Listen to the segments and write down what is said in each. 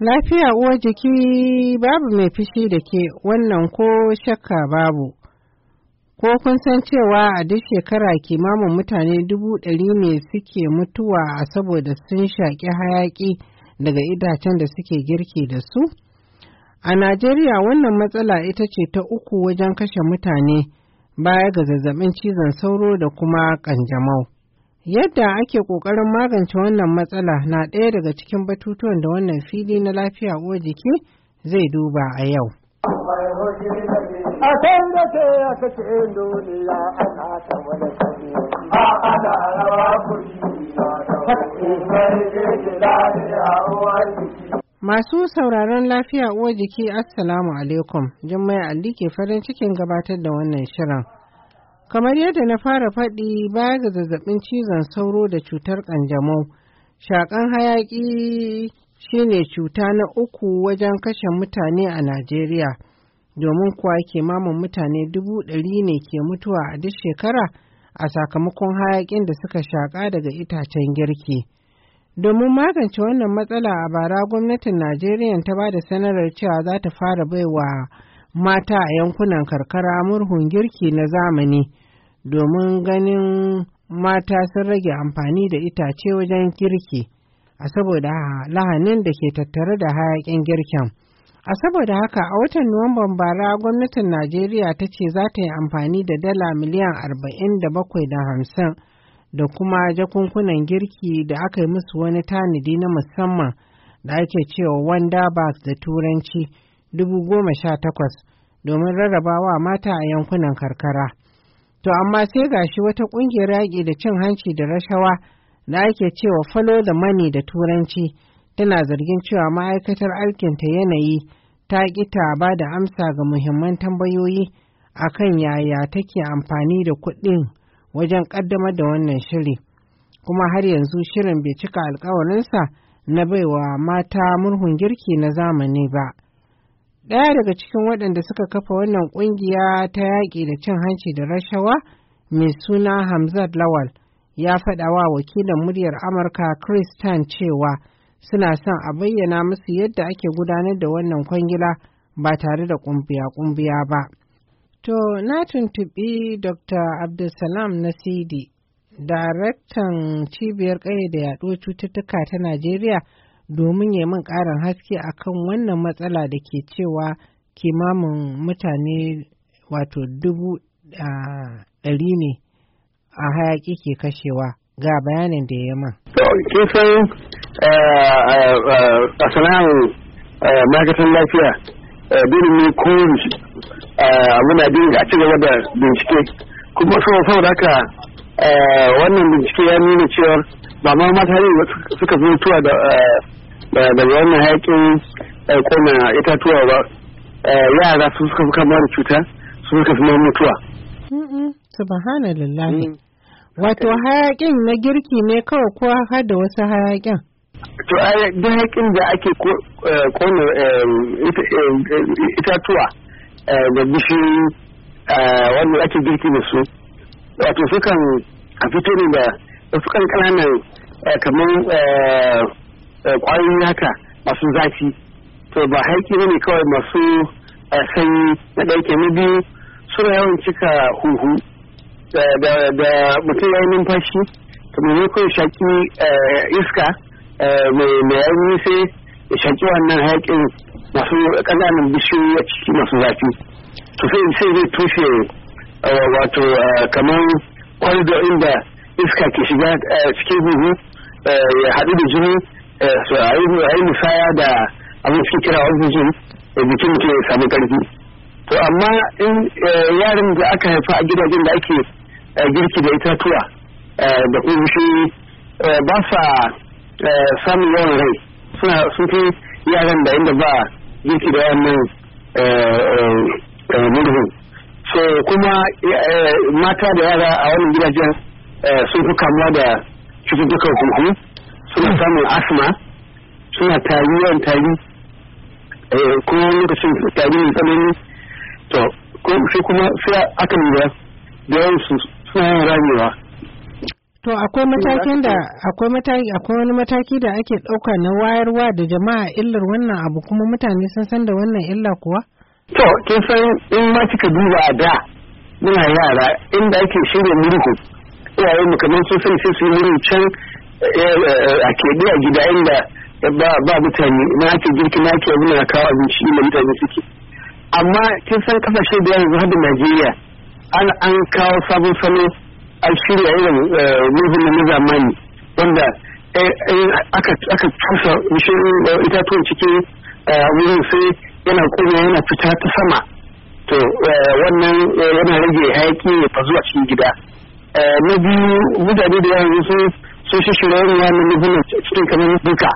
Lafiya uwar jiki babu mai fishi da ke wannan ko shakka babu. Ko kun san cewa a duk shekara kimamin mutane dubu ɗari ne suke mutuwa a saboda sun shaƙi hayaƙi daga idacen da suke girki da su? A Najeriya wannan matsala ita ce ta uku wajen kashe mutane. baya ga zazzabin cizon sauro da kuma kanjamau. Yadda ake ƙoƙarin magance wannan matsala na ɗaya daga cikin batutuwan da wannan fili na lafiya uwa jiki zai duba a yau. A Masu sauraron lafiya uwa jiki Assalamu alaikum, Jummai Ali ke farin cikin gabatar da wannan shirin. Kamar yadda na fara faɗi baya ga zazzabin cizon sauro da cutar ƙanjamau, shaƙan hayaƙi shine cuta na uku wajen kashe mutane a Najeriya, domin kuwa mamun mutane dubu ɗari ne ke mutuwa a duk shekara a sakamakon hayaƙin da suka shaƙa daga itacen girki. Domin magance wannan matsala a bara gwamnatin Najeriya ta ba da sanarar cewa za ta fara baiwa mata a yankunan karkara murhun girki na zamani domin ganin mata sun rage amfani da itace wajen girki a saboda lahanin da ke tattare da hayakin girkin. A saboda haka a watan Nuwamban bara gwamnatin Najeriya ta ce za ta yi amfani da dala miliyan arba'in da bakwai da hamsin da kuma jakunkunan girki da aka yi musu wani tanadi na musamman da ake cewa wanda ba da turanci dubu goma sha takwas domin rarrabawa mata a yankunan karkara. To amma sai gashi wata ƙungiyar yaƙi da cin hanci da rashawa da ake cewa falo da mani da turanci tana zargin cewa ma'aikatar alkinta yanayi ta ƙi ta ba da amsa ga muhimman tambayoyi akan yaya take amfani da kuɗin wajen ƙaddamar da wannan shiri kuma har yanzu shirin bai cika alkawarinsa na baiwa mata murhun girki na zamani ba ɗaya daga cikin waɗanda suka kafa wannan ƙungiya ta yaƙi da cin hanci da rashawa mai suna hamzat lawal ya faɗa wa wakilin muryar amurka kristan cewa suna son a bayyana musu yadda ake gudanar da wannan kwangila ba tare da ƙumbiya-ƙumbiya ba. To, na tuntuɓi Dr. Abdulsalam Nasidi, daraktan cibiyar ƙaya da yaɗuwar cututtuka ta Najeriya domin ya min ƙarin haske a kan wannan matsala da ke cewa kimamin mutane wato dubu ɗari ne a hayaƙi ke kashewa ga bayanin da ya man. Kisan a sana'ar ma'aikatan lafiya, birnin ko Eh, muna dinga ci gaba da bincike kuma saboda haka eh, wannan bincike ya nuna cewa ba ma mata ne suka fi mutuwa eh, daga wannan hayakin ita itatuwa ba yara su suka suka mara cuta su suka fi mutuwa. Subhanallahi. Mm. Wato hayakin na girki ne kawai ko har da wasu hayakin? To hayakin da ake kona itatuwa. Eh, da bishiyoyi eh, wanda ake girki da su wato sukan a fito ne da wasu kan ƙananan eh, kamar ƙwayoyi haka masu zafi to ba haiki ne ne kawai masu sanyi na ɗauke na biyu suna yawan cika huhu da mutum ya yi numfashi ne kawai shaƙi iska mai yayi sai ya shaƙi wannan haƙin masu ƙananan bishiyoyi a ciki masu zafi to sai sai zai tushe eh, wato eh, kamar kwalidor inda iska ke shiga eh, cikin huhu ya haɗu da jini su a yi musaya da abin cikin kira oxygen jikin ke samu ƙarfi to amma in yaran da aka haifa a gidajen da ake girki da itatuwa da kuma ba sa samun yawan rai suna sun fi yaran da inda ba yake da wannan eh, eh, eh, murhu so kuma mata da yara a wannan gidajen sun fi kamuwa da cututtukan huhu suna samun asma suna tari yawan tari kuma lokacin tari mai tsanani to sai kuma sai aka lura da yawan suna ramewa To akwai eh, matakin da akwai mataki akwai wani mataki da ake ɗauka na wayarwa da jama'a illar wannan abu kuma mutane sun san da wannan illa kuwa? To kin san in ma kika duba a da muna yara inda ake shirya murhu iyaye mu kamar sun san sai su yi murhu can eh, eh, a keɓe a gida inda ba mutane na ake girki na ake muna kawo abinci inda mutane suke. Amma kin san kasashe da yanzu har da Najeriya an kawo sabon salo an shirya irin eh, mulkin na zamani wanda eh, eh, aka tusa itatuwan cikin wurin sai yana kuma yana fita ta sama to wannan yana rage hayaki ya fa zuwa cikin gida na biyu mutane da yawa sun sun shi shirya irin wannan mulkin cikin kamar duka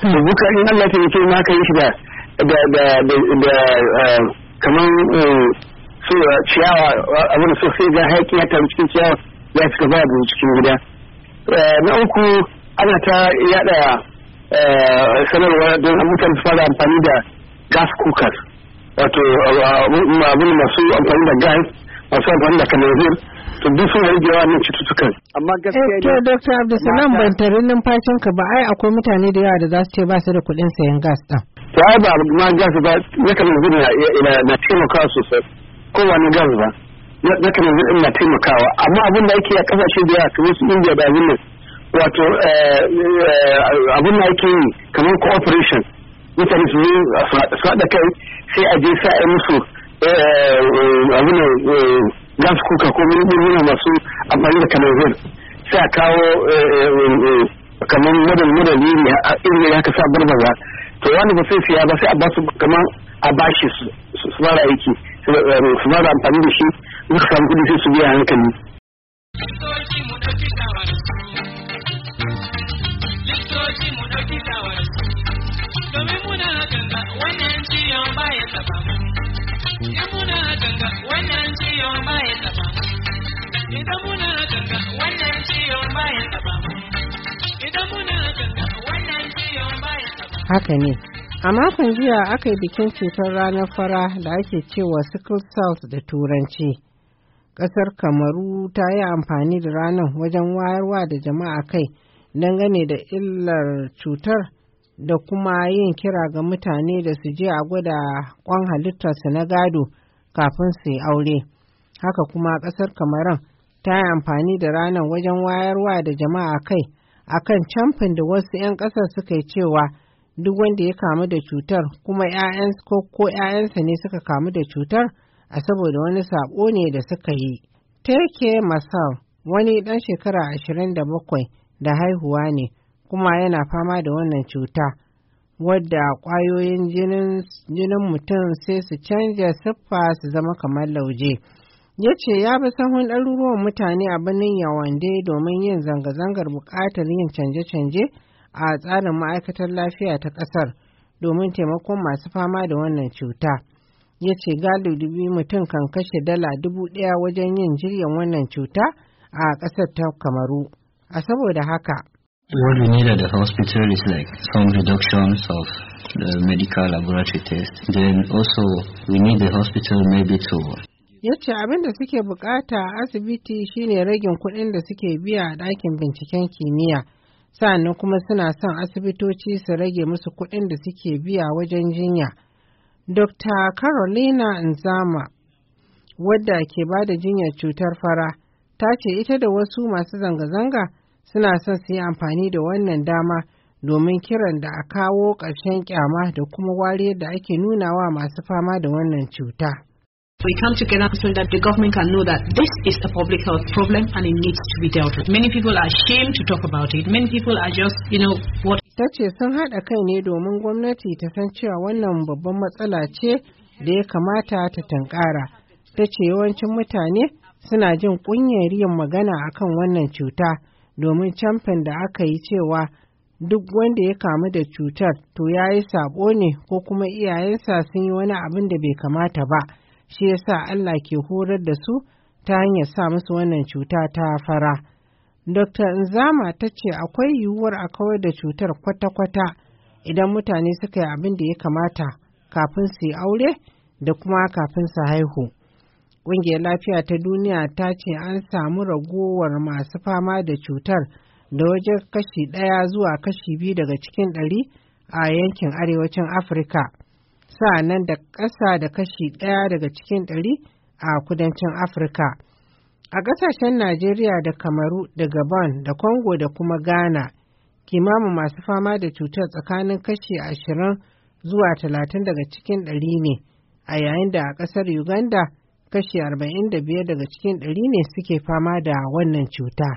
buka in Allah ta yi ma ka yi shi da da kamar so eh, ciyawa eh, abin so sai ga hayakin ya taru cikin ciyawa ya cika babu cikin gida eh, na uku ana ta yada sanarwa don mutane su fara amfani da gas cookers wato abin masu amfani da gas masu amfani da kanazir to duk sun rage wannan cututtukan amma gaskiya ne to dr abdulsalam ban tarin numfashin ka ba ai akwai mutane da yawa da za su ce ba su da kuɗin sayan gas din to ai ba ma gas ba ne kanazir na taimaka sosai kowane na gas ba na kanazir din ina taimakawa amma abin da ake a kasashe da yawa kamar su india da abin nan wato eh, eh, abin da ake yi kamar cooperation mutane su zo su haɗa kai sai a je sa musu eh, abin gas kuka ko mulmuna masu amfani da kanazir sai a kawo kamar madan madani ne a inda ya ka sa barbaza to wani ba sai siya ba sai a su kamar a bashi su fara aiki su ba da amfani da shi muka samu sai su biya hankali. Haka ne. A makon jiya aka yi bikin ceton ranar fara da ake cewa sickle South da turanci. Ƙasar Kamaru ta yi amfani da ranar wajen wayarwa da jama'a kai dangane da illar cutar da kuma yin kira ga mutane da su je a gwada kwan halittarsu na gado kafin su yi aure. Haka kuma ƙasar Kamaran ta yi amfani da ranar wajen wayarwa da jama'a kai akan camfin da wasu 'yan ƙasar suka yi cewa duk wanda ya kamu da cutar kuma ko 'ya'yansa ne suka kamu da cutar a saboda wani saɓo ne da suka yi. Take Masal wani ɗan shekara ashirin da bakwai da haihuwa ne kuma yana fama da wannan cuta wadda ƙwayoyin jinin mutum sai su canja siffa su zama kamar lauje. ya ce ya bi sahun ɗaruruwan mutane a birnin yawande domin yin zanga-zangar buƙatar yin canje-canje a tsarin ma'aikatar lafiya ta ƙasar domin taimakon masu fama da wannan cuta. Ya ce galibi mutum kan kashe dala dubu ɗaya wajen yin jiryan wannan cuta a ƙasar ta Kamaru. A saboda haka. What we need at the hospital is like some reductions of the medical laboratory tests. Then also we need the hospital maybe to ya ce abin da suke bukata a asibiti shine ragin kuɗin da suke biya a ɗakin binciken kimiyya sa'annan kuma suna son asibitoci su rage musu kuɗin da suke biya wajen jinya. Dr. Carolina Nzama, wadda ke ba da jinyar cutar fara, ta ce ita da wasu masu zanga-zanga suna son su yi amfani da wannan dama domin kiran da a kawo ƙarshen kyama da kuma wariyar da ake nuna wa masu fama da wannan cuta. We come together so that the government can know that this is a public health problem and it needs to be dealt with. Many people are ashamed to talk about it. Many people are just, you know, what. Ta ce sun haɗa kai ne domin gwamnati ta san cewa wannan babban matsala ce da ya kamata ta tankara. Ta ce yawancin mutane suna jin kunyar yin magana a kan wannan cuta domin camfen da aka yi cewa duk wanda ya kamu da cutar to ya yi sabo ne ko kuma iyayensa sun yi wani abin da bai kamata ba. shi yasa Allah ke horar da su ta hanyar sa musu wannan cuta ta fara. Dr. Nzama ta ce akwai yiwuwar a kawar da cutar kwata-kwata idan mutane suka yi abin da ya kamata kafin su yi aure da kuma kafin su haihu. Ƙungiyar lafiya ta duniya ta ce an samu ragowar masu fama da cutar da wajen kashi ɗaya zuwa kashi biyu daga cikin ɗari a yankin arewacin Afirka. Sa nan da ƙasa da kashi ɗaya daga cikin ɗari a kudancin Afirka. A ƙasashen Najeriya da Kamaru da Gabon da Congo da kuma Ghana, kimamin masu fama da cutar tsakanin kashi ashirin zuwa talatin daga cikin ɗari ne, a yayin da a ƙasar Uganda kashi arba'in da biyar daga cikin ɗari ne suke fama da wannan cuta.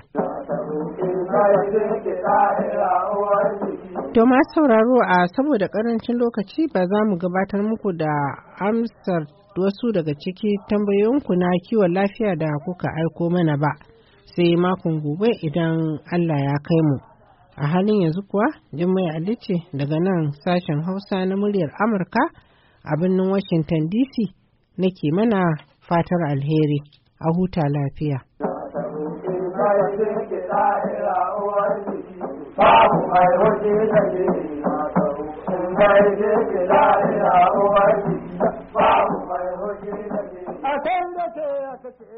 To ma sauraro a saboda karancin lokaci ba za mu gabatar muku da amsar wasu daga ciki tambayoyinku na kiwon lafiya da kuka aiko mana ba sai makon gobe idan Allah ya kai mu. A halin yanzu kuwa Jummai Ali ce daga nan sashen Hausa na muryar Amurka a birnin Washington DC nake mana fatar alheri a huta lafiya. babu mai waje da ke na ke